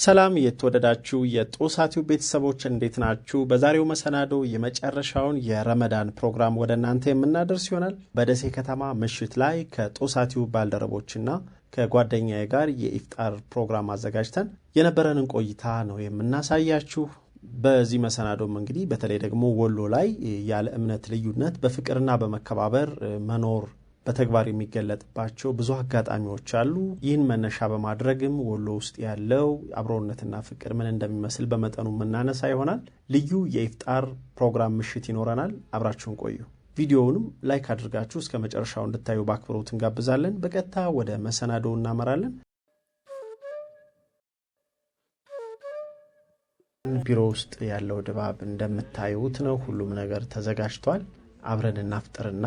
ሰላም የተወደዳችሁ የጦሳቲው ቤተሰቦች እንዴት ናችሁ? በዛሬው መሰናዶ የመጨረሻውን የረመዳን ፕሮግራም ወደ እናንተ የምናደርስ ይሆናል። በደሴ ከተማ ምሽት ላይ ከጦሳቲው ባልደረቦችና ከጓደኛዬ ጋር የኢፍጣር ፕሮግራም አዘጋጅተን የነበረንን ቆይታ ነው የምናሳያችሁ። በዚህ መሰናዶም እንግዲህ በተለይ ደግሞ ወሎ ላይ ያለ እምነት ልዩነት በፍቅርና በመከባበር መኖር በተግባር የሚገለጥባቸው ብዙ አጋጣሚዎች አሉ። ይህን መነሻ በማድረግም ወሎ ውስጥ ያለው አብሮነትና ፍቅር ምን እንደሚመስል በመጠኑ የምናነሳ ይሆናል። ልዩ የኢፍጣር ፕሮግራም ምሽት ይኖረናል። አብራችሁን ቆዩ። ቪዲዮውንም ላይክ አድርጋችሁ እስከ መጨረሻው እንድታዩ በአክብሮት እንጋብዛለን። በቀጥታ ወደ መሰናዶ እናመራለን። ቢሮ ውስጥ ያለው ድባብ እንደምታዩት ነው። ሁሉም ነገር ተዘጋጅቷል። አብረን እናፍጥርና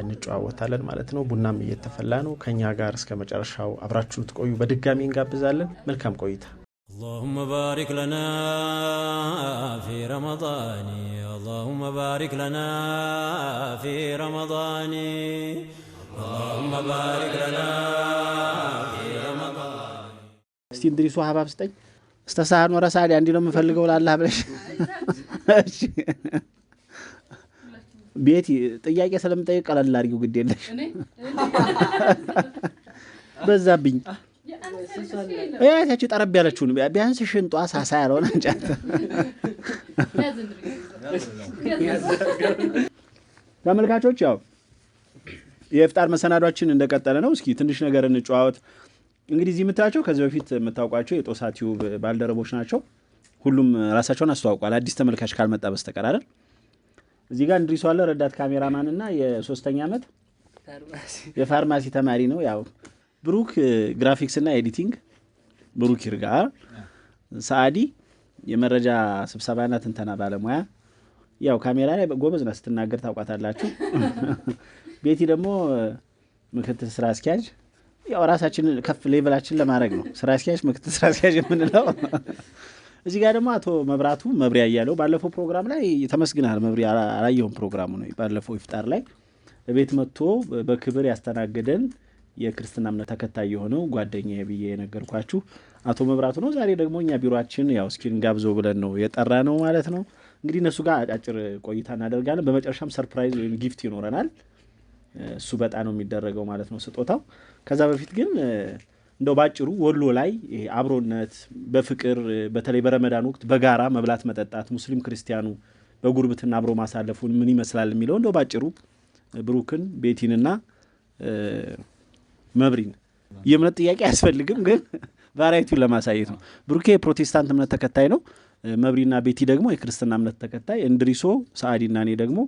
እንጨዋወታለን ማለት ነው። ቡናም እየተፈላ ነው። ከእኛ ጋር እስከ መጨረሻው አብራችሁ ትቆዩ በድጋሚ እንጋብዛለን። መልካም ቆይታ። اللهم بارك لنا في رمضان اللهم بارك لنا في رمضان اللهم بارك لنا في رمضان እስቲ እንድሪሱ ሀባብ ስጠኝ እስተሳህኖ عندي لو ነው ولا الله بلاش ቤቲ ጥያቄ ስለምጠይቅ ቀለል አድርጊው፣ ግድ የለሽ በዛብኝ። ያቺ ጠረብ ያለችውን ቢያንስ ሽንጧ ሳሳ ያለውን እንጨት ተመልካቾች፣ ያው የፍጣር መሰናዷችን እንደቀጠለ ነው። እስኪ ትንሽ ነገር እንጨዋወት። እንግዲህ እዚህ የምታያቸው ከዚህ በፊት የምታውቋቸው የጦሳ ቲዩብ ባልደረቦች ናቸው። ሁሉም ራሳቸውን አስተዋውቋል፣ አዲስ ተመልካች ካልመጣ በስተቀር አይደል? እዚህ ጋር እንድሪሱ አለ ረዳት ካሜራማን እና የሶስተኛ ዓመት የፋርማሲ ተማሪ ነው። ያው ብሩክ ግራፊክስ እና ኤዲቲንግ፣ ብሩክ ይርጋ ሰአዲ የመረጃ ስብሰባና ትንተና ባለሙያ ያው ካሜራ ላይ ጎበዝ ና ስትናገር ታውቋታላችሁ። ቤቲ ደግሞ ምክትል ስራ አስኪያጅ፣ ያው ራሳችንን ከፍ ሌቨላችን ለማድረግ ነው ስራ አስኪያጅ ምክትል ስራ አስኪያጅ የምንለው እዚህ ጋር ደግሞ አቶ መብራቱ መብሪያ እያለው ባለፈው ፕሮግራም ላይ ተመስግናል። መብሪያ አላየውን ፕሮግራሙ ነው። ባለፈው ይፍጣር ላይ ቤት መጥቶ በክብር ያስተናገደን የክርስትና እምነት ተከታይ የሆነው ጓደኛ ብዬ የነገርኳችሁ አቶ መብራቱ ነው። ዛሬ ደግሞ እኛ ቢሮችን ያው እስኪን ጋብዞ ብለን ነው የጠራ ነው ማለት ነው። እንግዲህ እነሱ ጋር አጫጭር ቆይታ እናደርጋለን። በመጨረሻም ሰርፕራይዝ ወይም ጊፍት ይኖረናል። እሱ በጣም ነው የሚደረገው ማለት ነው ስጦታው። ከዛ በፊት ግን እንደው ባጭሩ ወሎ ላይ አብሮነት በፍቅር በተለይ በረመዳን ወቅት በጋራ መብላት መጠጣት፣ ሙስሊም ክርስቲያኑ በጉርብትና አብሮ ማሳለፉን ምን ይመስላል የሚለው እንደው ባጭሩ ብሩክን ቤቲንና መብሪን የእምነት ጥያቄ አያስፈልግም፣ ግን ቫራይቲውን ለማሳየት ነው። ብሩኬ የፕሮቴስታንት እምነት ተከታይ ነው። መብሪና ቤቲ ደግሞ የክርስትና እምነት ተከታይ፣ እንድሪሶ ሰአዲና እኔ ደግሞ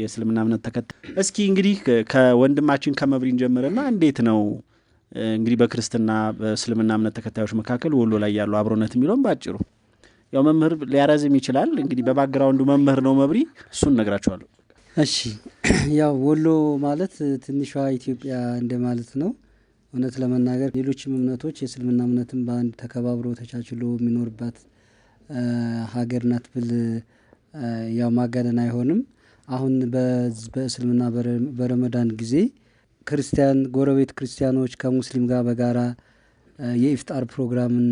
የእስልምና እምነት ተከታይ። እስኪ እንግዲህ ከወንድማችን ከመብሪን ጀምርና እንዴት ነው እንግዲህ በክርስትና በእስልምና እምነት ተከታዮች መካከል ወሎ ላይ ያለው አብሮነት የሚለውን በአጭሩ ያው መምህር ሊያረዝም ይችላል። እንግዲህ በባክግራውንዱ መምህር ነው መብሪ፣ እሱን ነግራቸዋለሁ። እሺ ያው ወሎ ማለት ትንሿ ኢትዮጵያ እንደማለት ነው። እውነት ለመናገር ሌሎችም እምነቶች የእስልምና እምነትም በአንድ ተከባብሮ ተቻችሎ የሚኖርባት ሀገር ናት ብል ያው ማጋነን አይሆንም። አሁን በእስልምና በረመዳን ጊዜ ክርስቲያን ጎረቤት ክርስቲያኖች ከሙስሊም ጋር በጋራ የኢፍጣር ፕሮግራምን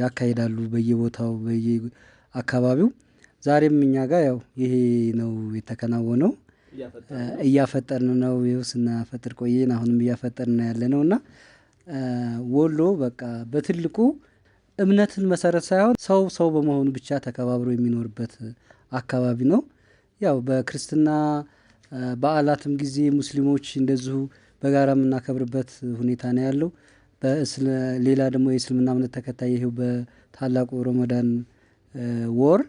ያካሂዳሉ በየቦታው በየአካባቢው። ዛሬም እኛ ጋር ያው ይሄ ነው የተከናወነው። እያፈጠርን ነው ይኸው ስናፈጥር ቆየን። አሁንም እያፈጠርን ያለ ነው እና ወሎ በቃ በትልቁ እምነትን መሰረት ሳይሆን ሰው ሰው በመሆኑ ብቻ ተከባብሮ የሚኖርበት አካባቢ ነው። ያው በክርስትና በዓላትም ጊዜ ሙስሊሞች እንደዚሁ በጋራ የምናከብርበት ሁኔታ ነው ያለው። ሌላ ደግሞ የእስልምና እምነት ተከታይ ይሄው በታላቁ ረመዳን ወር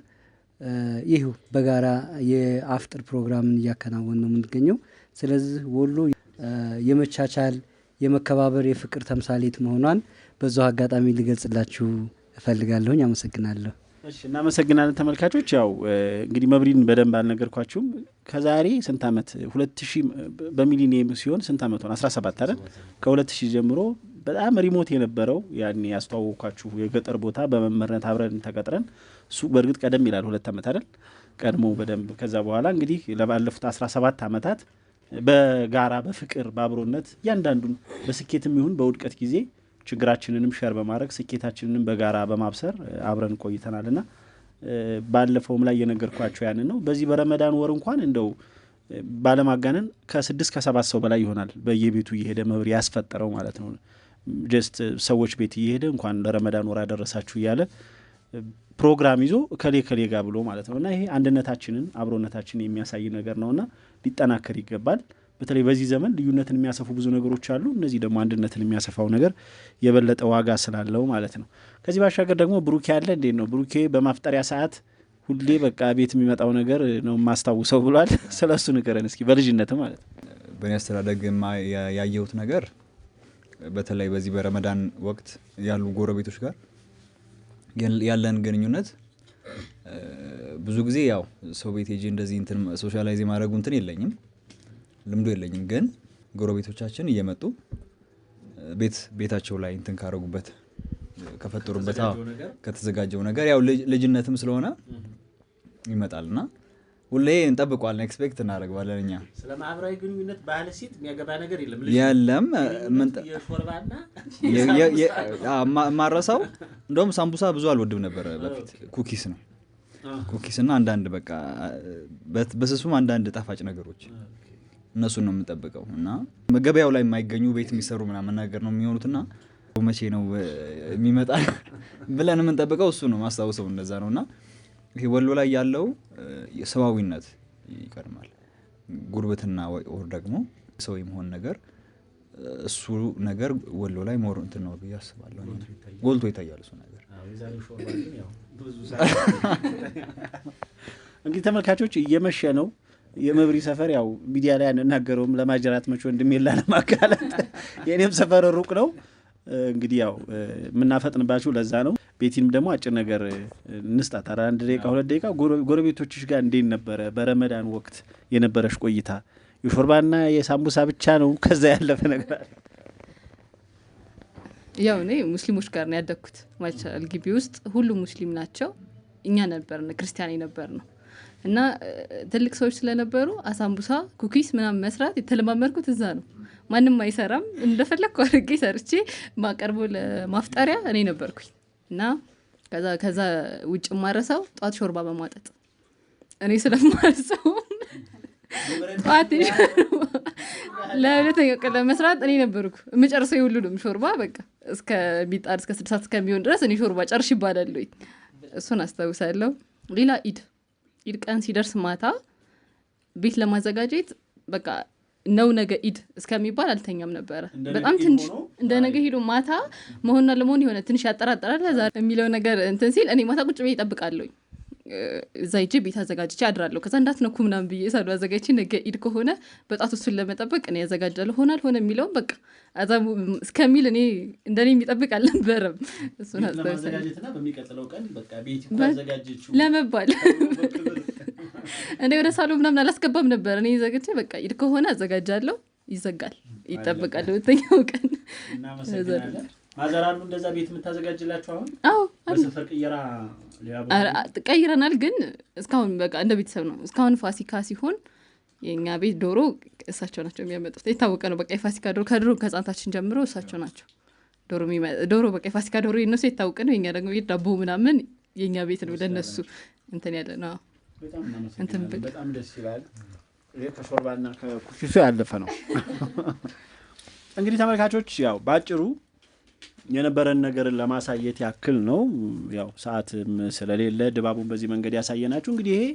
ይህ በጋራ የአፍጥር ፕሮግራምን እያከናወን ነው የምንገኘው። ስለዚህ ወሎ የመቻቻል የመከባበር፣ የፍቅር ተምሳሌት መሆኗን በዛው አጋጣሚ ልገልጽላችሁ እፈልጋለሁኝ። አመሰግናለሁ። እናመሰግናለን ተመልካቾች። ያው እንግዲህ መብሪን በደንብ አልነገርኳችሁም። ከዛሬ ስንት ዓመት ሁለት ሺ በሚሊኒየም ሲሆን ስንት ዓመት ሆነ? አስራ ሰባት አይደል? ከሁለት ሺ ጀምሮ በጣም ሪሞት የነበረው ያኔ ያስተዋወቅኳችሁ የገጠር ቦታ በመምህርነት አብረን ተቀጥረን እሱ በእርግጥ ቀደም ይላል ሁለት ዓመት አይደል? ቀድሞ በደንብ ከዛ በኋላ እንግዲህ ለባለፉት አስራ ሰባት ዓመታት በጋራ በፍቅር በአብሮነት እያንዳንዱን በስኬትም ይሁን በውድቀት ጊዜ ችግራችንንም ሸር በማድረግ ስኬታችንንም በጋራ በማብሰር አብረን ቆይተናል እና ባለፈውም ላይ የነገርኳቸው ያንን ነው። በዚህ በረመዳን ወር እንኳን እንደው ባለማጋነን ከስድስት ከሰባት ሰው በላይ ይሆናል በየቤቱ እየሄደ መብር ያስፈጠረው ማለት ነው። ጀስት ሰዎች ቤት እየሄደ እንኳን ለረመዳን ወር ያደረሳችሁ እያለ ፕሮግራም ይዞ ከሌ ከሌ ጋር ብሎ ማለት ነው እና ይሄ አንድነታችንን አብሮነታችንን የሚያሳይ ነገር ነውና ሊጠናከር ይገባል። በተለይ በዚህ ዘመን ልዩነትን የሚያሰፉ ብዙ ነገሮች አሉ። እነዚህ ደግሞ አንድነትን የሚያሰፋው ነገር የበለጠ ዋጋ ስላለው ማለት ነው። ከዚህ ባሻገር ደግሞ ብሩኬ አለ እንዴት ነው ብሩኬ በማፍጠሪያ ሰዓት ሁሌ በቃ ቤት የሚመጣው ነገር ነው የማስታውሰው ብሏል። ስለ እሱ ንገረን እስኪ በልጅነት ማለት ነው። በእኔ አስተዳደግ ያየሁት ነገር በተለይ በዚህ በረመዳን ወቅት ያሉ ጎረቤቶች ጋር ያለን ግንኙነት ብዙ ጊዜ ያው ሰው ቤት ሄጄ እንደዚህ ሶሻላይዝ የማድረጉ እንትን የለኝም ልምዱ የለኝም፣ ግን ጎረቤቶቻችን እየመጡ ቤት ቤታቸው ላይ እንትን ካረጉበት ከፈጠሩበት ከተዘጋጀው ነገር ያው ልጅነትም ስለሆነ ይመጣል እና ሁሌ እንጠብቋለን፣ ኤክስፔክት እናደርገዋለን። እኛ ስለ ማህበራዊ ግንኙነት ባህል ሲት የሚያገባ ነገር የለም የለም። ማረሳው እንደውም ሳምቡሳ ብዙ አልወድም ነበረ በፊት ኩኪስ ነው ኩኪስ እና አንዳንድ በቃ በስሱም አንዳንድ ጣፋጭ ነገሮች እነሱን ነው የምጠብቀው እና ገበያው ላይ የማይገኙ ቤት የሚሰሩ ምናምን ነገር ነው የሚሆኑትና መቼ ነው የሚመጣ ብለን የምንጠብቀው እሱ ነው ማስታውሰው እንደዛ ነው እና ይሄ ወሎ ላይ ያለው ሰብአዊነት ይቀድማል ጉርብትና ወር ደግሞ ሰው የመሆን ነገር እሱ ነገር ወሎ ላይ ሞር እንትን ነው ብዬ አስባለሁ። ጎልቶ ይታያል እሱ ነገር። እንግዲህ ተመልካቾች እየመሸ ነው። የመብሪ ሰፈር ያው ሚዲያ ላይ አንናገረውም ለማጅራት መች ወንድሜን ላለማጋለጥ የእኔም ሰፈር ሩቅ ነው። እንግዲህ ያው የምናፈጥንባችሁ ለዛ ነው። ቤቲንም ደግሞ አጭር ነገር እንስጣት። አንድ ደቂቃ ሁለት ደቂቃ ጎረቤቶችሽ ጋር እንዴት ነበረ በረመዳን ወቅት የነበረሽ ቆይታ? የሾርባና የሳምቡሳ ብቻ ነው ከዛ ያለፈ ነገር አለ? ያው እኔ ሙስሊሞች ጋር ነው ያደግኩት። ማቻል ግቢ ውስጥ ሁሉ ሙስሊም ናቸው። እኛ ነበርን ክርስቲያን ነበር ነው እና ትልቅ ሰዎች ስለነበሩ አሳምቡሳ፣ ኩኪስ ምናምን መስራት የተለማመርኩት እዛ ነው። ማንም አይሰራም። እንደፈለግኩ አድርጌ ሰርቼ ማቀርቦ ለማፍጠሪያ እኔ ነበርኩኝ። እና ከዛ ከዛ ውጭ ማረሰው ጠዋት ሾርባ በማጠጥ እኔ ስለማረሰው ጠዋት ለሁለተኛ ቀን ለመስራት እኔ ነበርኩ የምጨርሰው የሁሉንም ሾርባ በቃ እስከሚጣድ እስከ ስድሳት እስከሚሆን ድረስ እኔ ሾርባ ጨርሽ ይባላል። እሱን አስታውሳለሁ። ሌላ ኢድ ኢድ ቀን ሲደርስ ማታ ቤት ለማዘጋጀት በቃ ነው ነገ ኢድ እስከሚባል አልተኛም ነበረ። በጣም ትንሽ እንደ ነገ ሄዶ ማታ መሆንና ለመሆን የሆነ ትንሽ ያጠራጠራል ዛ የሚለው ነገር እንትን ሲል እኔ ማታ ቁጭ ብዬ ይጠብቃለሁ። እዛ ሂጄ ቤት አዘጋጅቼ አድራለሁ። ከዛ እንዳትነኩ ምናምን ብዬ ሳሉ አዘጋጅቼ ነገ ኢድ ከሆነ በጣት እሱን ለመጠበቅ እኔ ያዘጋጃለሁ። ሆናል ሆነ የሚለውም በቃ አዛ እስከሚል እኔ እንደኔ የሚጠብቅ አልነበረም። እሱን ለመባል እኔ ወደ ሳሎ ምናምን አላስገባም ነበር። እኔ ዘግቼ በቃ ኢድ ከሆነ አዘጋጃለሁ። ይዘጋል፣ ይጠብቃል። በተኛው ቀን ማዘር እንደዛ ቤት የምታዘጋጅላቸው አሁን? ቀይረናል፣ ግን እስካሁን በቃ እንደ ቤተሰብ ነው። እስካሁን ፋሲካ ሲሆን የእኛ ቤት ዶሮ እሳቸው ናቸው የሚያመጡት። የታወቀ ነው በቃ የፋሲካ ዶሮ ከድሮ ከህጻንታችን ጀምሮ እሳቸው ናቸው ዶሮ ዶሮ በቃ የፋሲካ ዶሮ የነሱ የታወቀ ነው። የኛ ደግሞ ቤት ዳቦ ምናምን የእኛ ቤት ነው ለነሱ እንትን ያለ ነው። በጣም ደስ ይላል። ከሾርባና ከኩኪሱ ያለፈ ነው። እንግዲህ ተመልካቾች ያው በአጭሩ የነበረን ነገርን ለማሳየት ያክል ነው። ያው ሰዓትም ስለሌለ ድባቡን በዚህ መንገድ ያሳየናችሁ። እንግዲህ ይሄ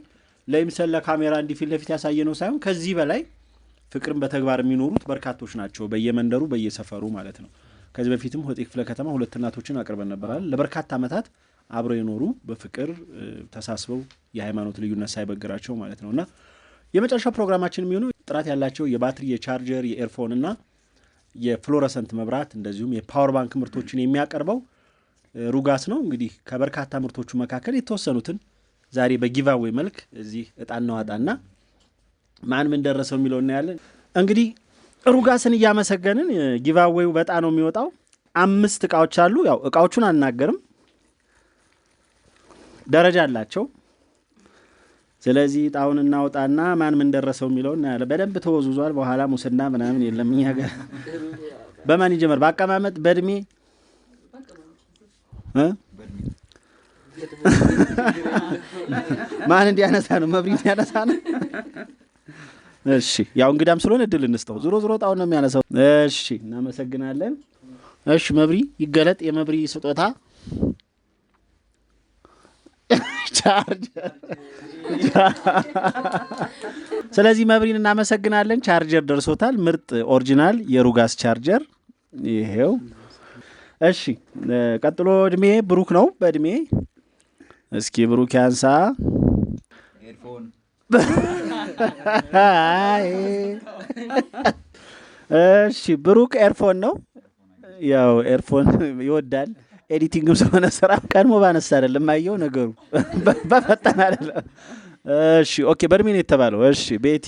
ለይምሰል ለካሜራ እንዲህ ፊት ለፊት ያሳየ ነው ሳይሆን ከዚህ በላይ ፍቅርን በተግባር የሚኖሩት በርካቶች ናቸው፣ በየመንደሩ በየሰፈሩ ማለት ነው። ከዚህ በፊትም ሆጤ ክፍለ ከተማ ሁለት እናቶችን አቅርበን ነበራል ለበርካታ ዓመታት አብረው የኖሩ በፍቅር ተሳስበው የሃይማኖት ልዩነት ሳይበግራቸው ማለት ነው እና የመጨረሻው ፕሮግራማችን የሚሆነው ጥራት ያላቸው የባትሪ የቻርጀር የኤርፎን እና የፍሎረሰንት መብራት እንደዚሁም የፓወር ባንክ ምርቶችን የሚያቀርበው ሩጋስ ነው። እንግዲህ ከበርካታ ምርቶቹ መካከል የተወሰኑትን ዛሬ በጊቫዌ መልክ እዚህ እጣን እናዋጣና ማን ምን ደረሰው የሚለው እናያለን። እንግዲህ ሩጋስን እያመሰገንን ጊቫዌው በጣ ነው የሚወጣው። አምስት እቃዎች አሉ። ያው እቃዎቹን አናገርም ደረጃ አላቸው። ስለዚህ ጣውን እናውጣና ማን ምን ደረሰው የሚለው እናያለ በደንብ ተወዙዟል። በኋላ ሙስና ምናምን የለም ገር በማን ይጀመር? በአቀማመጥ በእድሜ ማን እንዲያነሳ ነው? መብሪት እንዲያነሳ ነው? እሺ፣ ያው እንግዳም ስለሆነ እድል እንስጠው። ዝሮ ዝሮ ጣውን ነው የሚያነሳው። እሺ፣ እናመሰግናለን። እሺ፣ መብሪ ይገለጥ። የመብሪ ስጦታ ቻርጅ። ስለዚህ መብሪን እናመሰግናለን። ቻርጀር ደርሶታል። ምርጥ ኦሪጂናል የሩጋስ ቻርጀር ይሄው። እሺ፣ ቀጥሎ እድሜ ብሩክ ነው። በእድሜ እስኪ ብሩክ ያንሳ። እሺ፣ ብሩክ ኤርፎን ነው። ያው ኤርፎን ይወዳል። ኤዲቲንግም ስለሆነ ስራ ቀድሞ ባነሳ አይደለም አየው ነገሩ በፈጠን አይደለም። እሺ ኦኬ፣ በእድሜ ነው የተባለው። እሺ ቤቲ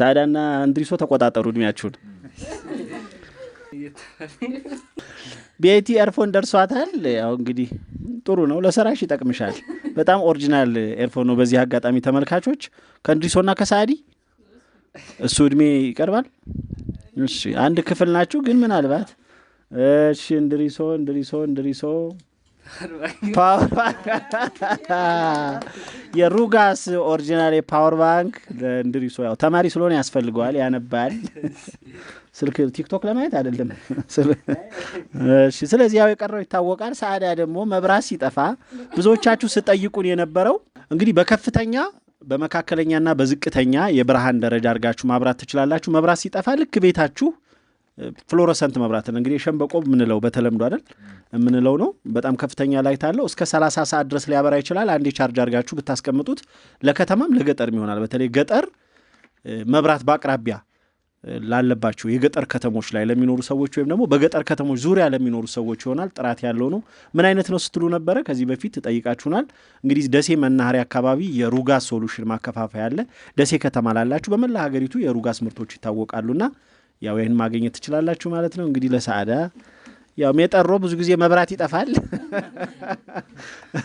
ሳዳና እንድሪሶ ተቆጣጠሩ እድሜያችሁን። ቤቲ ኤርፎን ደርሷታል። ያው እንግዲህ ጥሩ ነው፣ ለስራሽ ይጠቅምሻል። በጣም ኦሪጂናል ኤርፎን ነው። በዚህ አጋጣሚ ተመልካቾች ከእንድሪሶና ከሳዲ እሱ እድሜ ይቀርባል። እሺ አንድ ክፍል ናችሁ ግን ምናልባት እሺ እንድሪሶ እንድሪሶ እንድሪሶ ፓወር ባንክ የሩጋስ ኦሪጂናል የፓወር ባንክ እንድሪሶ ያው ተማሪ ስለሆነ ያስፈልገዋል፣ ያነባል። ስልክ ቲክቶክ ለማየት አይደለም። እሺ፣ ስለዚህ ያው የቀረው ይታወቃል። ሰአዳ ደግሞ መብራት ሲጠፋ ብዙዎቻችሁ ስጠይቁን የነበረው እንግዲህ በከፍተኛ በመካከለኛና በዝቅተኛ የብርሃን ደረጃ አድርጋችሁ ማብራት ትችላላችሁ። መብራት ሲጠፋ ልክ ቤታችሁ ፍሎረሰንት መብራትን እንግዲህ የሸንበቆ የምንለው በተለምዶ አይደል የምንለው ነው። በጣም ከፍተኛ ላይት አለው። እስከ 30 ሰዓት ድረስ ሊያበራ ይችላል። አንዴ ቻርጅ አድርጋችሁ ብታስቀምጡት ለከተማም ለገጠርም ይሆናል። በተለይ ገጠር መብራት በአቅራቢያ ላለባቸው የገጠር ከተሞች ላይ ለሚኖሩ ሰዎች ወይም ደግሞ በገጠር ከተሞች ዙሪያ ለሚኖሩ ሰዎች ይሆናል። ጥራት ያለው ነው። ምን አይነት ነው ስትሉ ነበረ። ከዚህ በፊት ጠይቃችሁናል። እንግዲህ ደሴ መናኸሪያ አካባቢ የሩጋስ ሶሉሽን ማከፋፈያ አለ። ደሴ ከተማ ላላችሁ በመላ ሀገሪቱ የሩጋስ ምርቶች ይታወቃሉና ያው ይህን ማግኘት ትችላላችሁ ማለት ነው። እንግዲህ ለሳዳ ያው ሜጠሮ ብዙ ጊዜ መብራት ይጠፋል።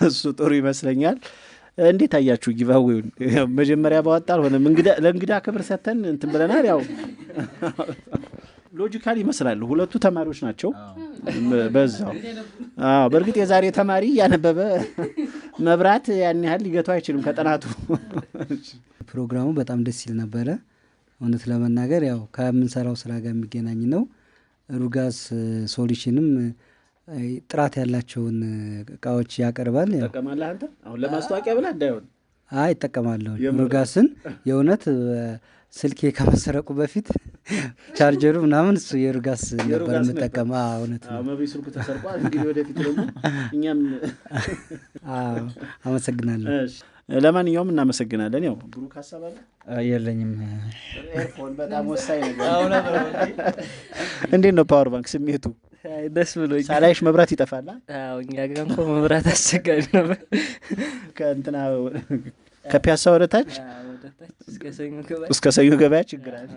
እሱ ጥሩ ይመስለኛል። እንዴት አያችሁ? ጊቫዌውን መጀመሪያ ባወጣ አልሆነም። ለእንግዳ ክብር ሰተን እንትን ብለናል። ያው ሎጂካል ይመስላሉ። ሁለቱ ተማሪዎች ናቸው በዛው። በእርግጥ የዛሬ ተማሪ እያነበበ መብራት ያን ያህል ሊገቱ አይችልም ከጥናቱ። ፕሮግራሙ በጣም ደስ ይል ነበረ። እውነት ለመናገር ያው ከምንሰራው ስራ ጋር የሚገናኝ ነው። ሩጋስ ሶሉሽንም ጥራት ያላቸውን እቃዎች ያቀርባል። ትጠቀማለህ አንተ አሁን ለማስታወቂያ ብላ እንዳይሆን? አይ እጠቀማለሁ። ሩጋስን የእውነት ስልኬ ከመሰረቁ በፊት ቻርጀሩ ምናምን እሱ የሩጋስ ነበር የምጠቀም። እውነት ስልኩ ተሰርቋል። እንግዲህ ወደፊት ደግሞ እኛም አመሰግናለሁ። ለማንኛውም እናመሰግናለን። ያው ብሩክ ሀሳብ የለኝም። ኤርፎን በጣም ወሳኝ ነገር። እንዴት ነው ፓወር ባንክ ስሜቱ? ደስ ብሎ ሳላይሽ መብራት ይጠፋል። እኛ ጋር እንኳ መብራት አስቸጋሪ ነው። ከእንትና ከፒያሳ ወደ ታች እስከ ሰኞ ገበያ ችግራል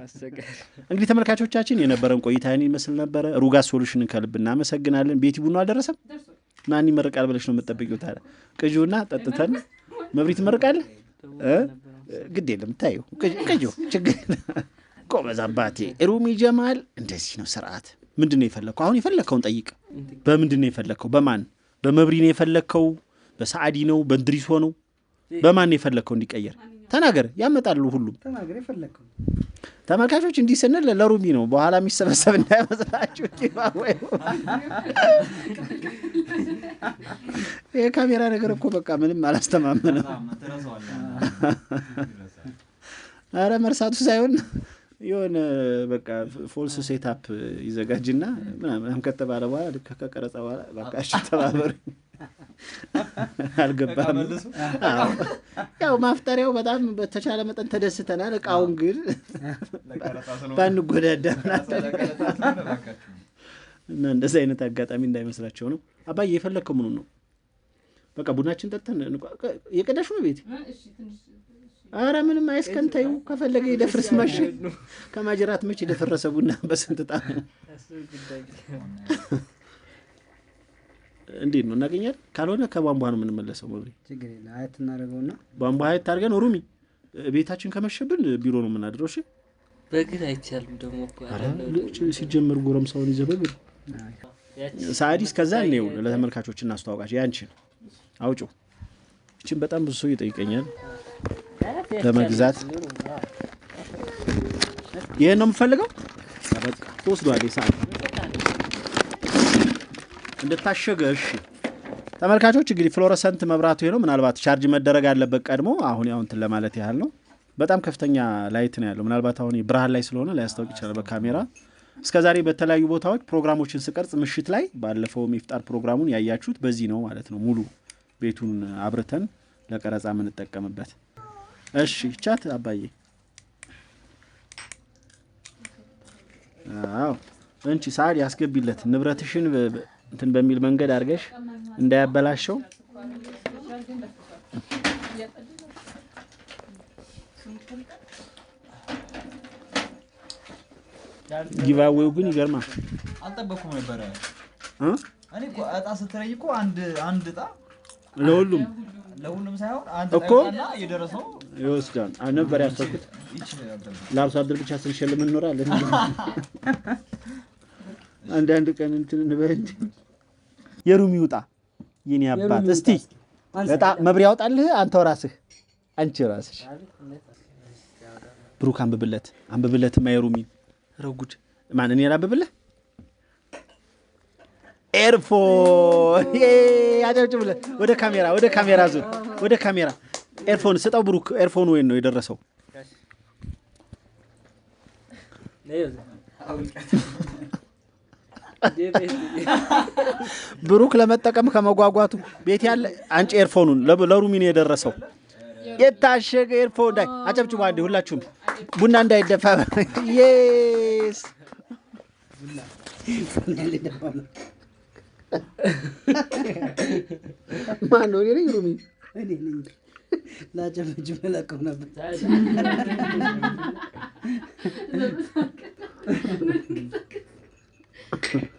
እንግዲህ ተመልካቾቻችን የነበረን ቆይታ ይህን ይመስል ነበረ። ሩጋ ሶሉሽንን ከልብ እናመሰግናለን። ቤቲ ቡና አልደረሰም። ማን ይመርቃል ብለሽ ነው የምጠብቂው? ታ ቅጁና ጠጥተን መብሪት መርቃል ግድ የለም ታየው ቅጆ ችግር ጎበዝ አባቴ ሩሚ ጀማል። እንደዚህ ነው ስርዓት። ምንድን ነው የፈለግከው? አሁን የፈለግከውን ጠይቅ። በምንድን ነው የፈለግከው? በማን በመብሪ ነው የፈለግከው? በሰዓዲ ነው? በእንድሪሶ ነው? በማን ነው የፈለግከው እንዲቀየር ተናገር ያመጣሉ ሁሉም ተመልካቾች እንዲህ ስንል ለሩቢ ነው በኋላ የሚሰበሰብ እንዳይመስላችሁ የካሜራ ነገር እኮ በቃ ምንም አላስተማመንም አረ መርሳቱ ሳይሆን የሆነ በቃ ፎልስ ሴታፕ ይዘጋጅና ምናምን ከተባለ በኋላ ልክ ከቀረጻ በኋላ በቃ ተባበሩ አልገባም። ያው ማፍጠሪያው በጣም በተቻለ መጠን ተደስተናል። እቃውን ግን ባንጎዳዳ እና እንደዚህ አይነት አጋጣሚ እንዳይመስላቸው ነው። አባዬ የፈለግከው ምኑን ነው? በቃ ቡናችን ጠጥተን የቀዳሹ ነው ቤት አረ ምንም አይስከንተዩ ከፈለገ ይደፍርስ መሽ ከማጅራት መች የደፈረሰ ቡና በስንት ጣም እንዴት ነው እናገኛል? ካልሆነ ከቧንቧ ነው የምንመለሰው። መብሬ ቧንቧ ሀየት ታርገን ሩሚ ቤታችን ከመሸብን ቢሮ ነው የምናድረው። እሺ በግር አይቻልም። ደግሞ ሲጀምር ሰውን ይዘህ በግር ሰአዲስ። ከዛ ኔው ለተመልካቾች እናስተዋውቃቸው። ያንችን አውጩ ይችን በጣም ብዙ ሰው ይጠይቀኛል በመግዛት ይህን ነው የምፈልገው። ተወስዷል እንድታሸገ እሺ። ተመልካቾች እንግዲህ ፍሎረሰንት መብራቱ ነው። ምናልባት ቻርጅ መደረግ አለበት ቀድሞ። አሁን ያው እንትን ለማለት ያህል ነው። በጣም ከፍተኛ ላይት ነው ያለው። ምናልባት አሁን ብርሃን ላይ ስለሆነ ሊያስታውቅ ይችላል በካሜራ። እስከ ዛሬ በተለያዩ ቦታዎች ፕሮግራሞችን ስቀርጽ ምሽት ላይ ባለፈው ኢፍጣር ፕሮግራሙን ያያችሁት በዚህ ነው ማለት ነው። ሙሉ ቤቱን አብርተን ለቀረጻ የምንጠቀምበት። እሺ ቻት አባዬ አዎ እንቺ ሳድ ያስገቢለት ንብረትሽን እንትን በሚል መንገድ አድርገሽ እንዳያበላሸው ጊቫዌው ግን ይገርማል። አልጠበኩም ነበረ። እኔ እኮ እጣ ስትለይ እኮ አንድ አንድ እጣ ለሁሉም ለሁሉም ሳይሆን አንድ እኮ የደረሰው ይወስዳል ነበር ያሰብኩት። ለአርሶ አደር ብቻ ስንሸልም እንኖራለን። አንዳንድ ቀን እንትን እንበል እንጂ የሩም ይውጣ የኔ ያባት እስቲ በጣም መብሪያ ያውጣልህ አንተው ራስህ አንቺ ራስሽ ብሩክ አንብብለት፣ አንብብለት የሩሚ ረጉድ ማን እኔ ላንብብልህ? ኤርፎን አጨብጭብለት። ወደ ካሜራ ወደ ካሜራ ዙር፣ ወደ ካሜራ ኤርፎን ስጠው ብሩክ። ኤርፎን ወይን ነው የደረሰው ብሩክ ለመጠቀም ከመጓጓቱ ቤት ያለ አንጭ ኤርፎኑን ለሩሚን የደረሰው የታሸገ ኤርፎን ዳይ አጨብጭቡ አንዴ ሁላችሁም ቡና እንዳይደፋ ስ ማነው እኔ ነኝ ሩሚ ላጨበጭ መለቀው ነበር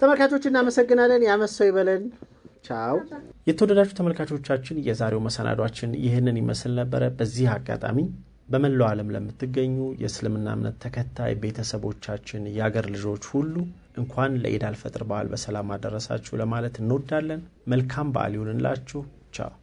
ተመልካቾች እናመሰግናለን። ያመሰው ይበለን። ቻው። የተወደዳችሁ ተመልካቾቻችን የዛሬው መሰናዷችን ይህንን ይመስል ነበረ። በዚህ አጋጣሚ በመላው ዓለም ለምትገኙ የእስልምና እምነት ተከታይ ቤተሰቦቻችን፣ የአገር ልጆች ሁሉ እንኳን ለኢድ አልፈጥር በዓል በሰላም አደረሳችሁ ለማለት እንወዳለን። መልካም በዓል ይሁንላችሁ። ቻው።